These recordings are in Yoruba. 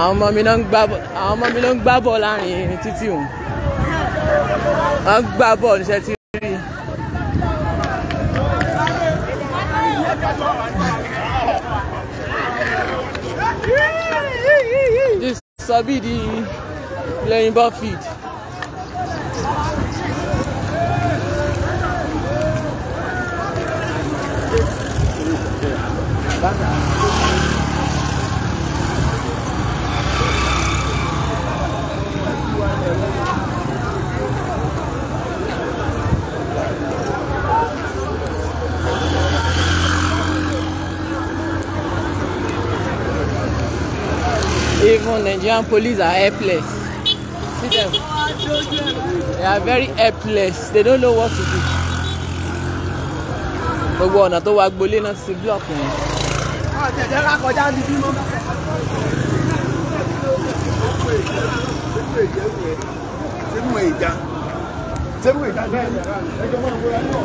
àwọn ọmọ mi náà ń gbá bọ́ àwọn ọmọ mi náà ń gbá bọ́ láàrin títì òun wọ́n gbá bọ́ níṣẹ́ tí rí. This sabi di Thank you. even Nigerian police are helpless. See them. They are very helpless. They don't know what to do. Gbogbo ọ̀nà tó wá gbolé náà ti block wọn. Sínú ìjà. Sínú ìjà bẹ́ẹ̀ ni ẹjọ́ máa ń wọlé náà.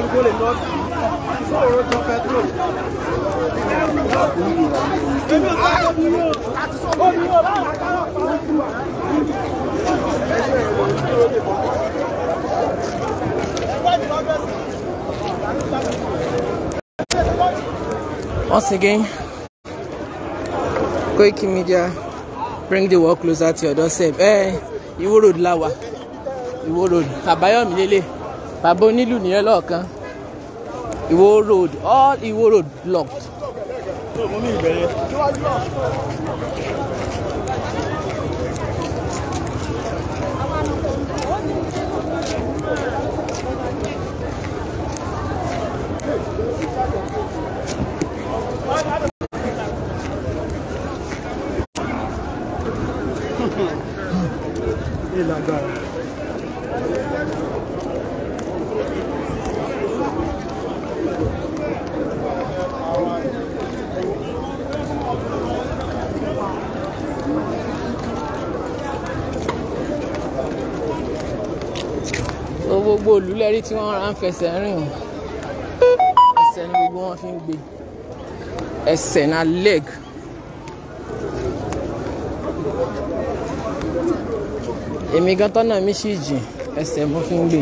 kálukú lè lọ sóòrò tó fẹ́ tó. Once again, quick Media bring the world closer to your doorstep. Hey, eh, Iwo Road la You Iwo Road, Àbáyọ̀mí lélẹ̀, bàbá onílù nìyẹn lọ́ọ̀kan. Iwo Road, all Iwo Road blocked. Ele agora. gbogbo òlú lẹ́rí tí wọ́n ra ń fẹsẹ̀ rìn o ẹsẹ̀ ni gbogbo wọn fi ń gbé ẹsẹ̀ na leg. èmi gan tọ́nà mi sì jìn ẹsẹ̀ mo fi ń gbé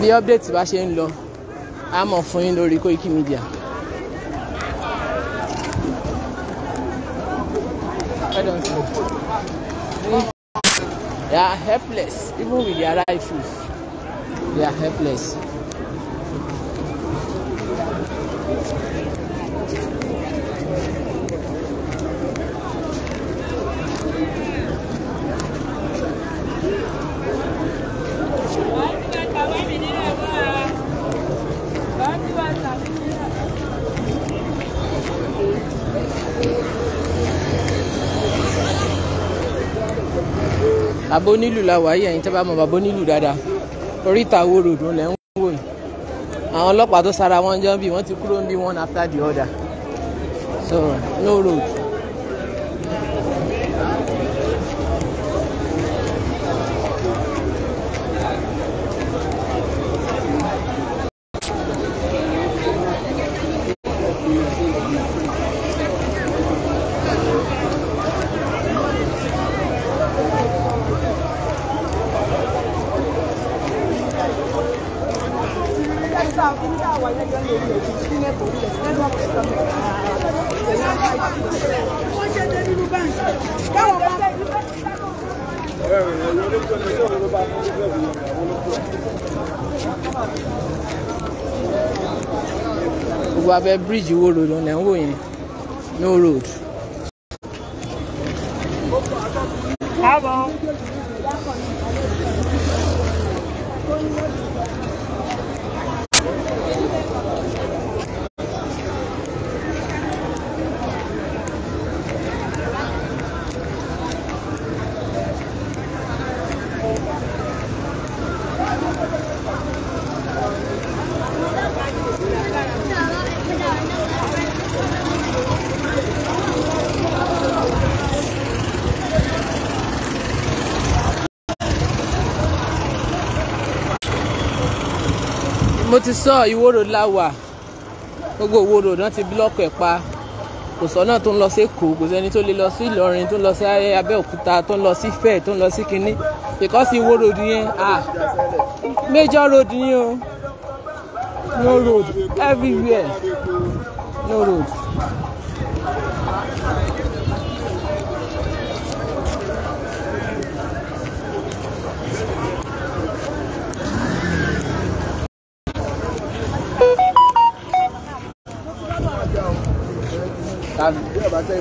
bí ọ́pdẹ̀tì bá ṣe ń lọ a mọ̀ fún yín lórí Koiki Media. I don't know. They are helpless, even with their rifles. They are helpless. bàbá onílù la wà yẹ̀yìn tẹ́ bá mọ bàbá dáadáa oríta wo ròdùn lẹ́ ń wò yìí àwọn ọlọ́pàá tó sara wọn jọ bí wọ́n ti kúrò ń bí one after the other so no road. wọ́n ṣe dé nínú báńkì káwọn bá. gbogbo abẹ bíríìjì wo road ọ̀nà ń wò yẹn no road. káàbọ̀. mo ti sọ ìwòrò láwà gbogbo ìwòrò náà ti búlọ́ọ̀kù ẹ̀ pa kò sọ́nà tó ń lọ sí èkó kò sẹ́ni tó lè lọ sí ìlọrin tó ń lọ sí abẹ́òkúta tó ń lọ sí fẹ̀ tó ń lọ sí kinní because ìwó road yẹn ah major road ni o no road everywhere no road.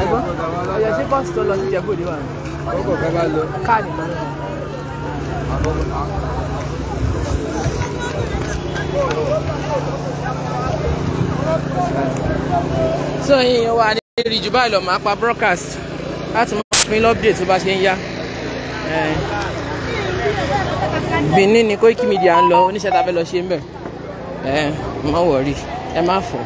ẹ̀gbọ́n ọ̀yọ́ ṣé bọ́ọ̀sì tó lọ sí Ìjẹ̀bú Òde wà ní. ọkọ̀ kan bá so èèyàn wà ní rí jù báyìí lọ máa pa broadcast láti máa fún yín tó bá ṣe ń yá. Benin ni Koiki Media ń lọ oníṣẹ́ tá a fẹ́ lọ ṣe ń bẹ̀ ẹ má wọ̀rí ẹ má fọ̀.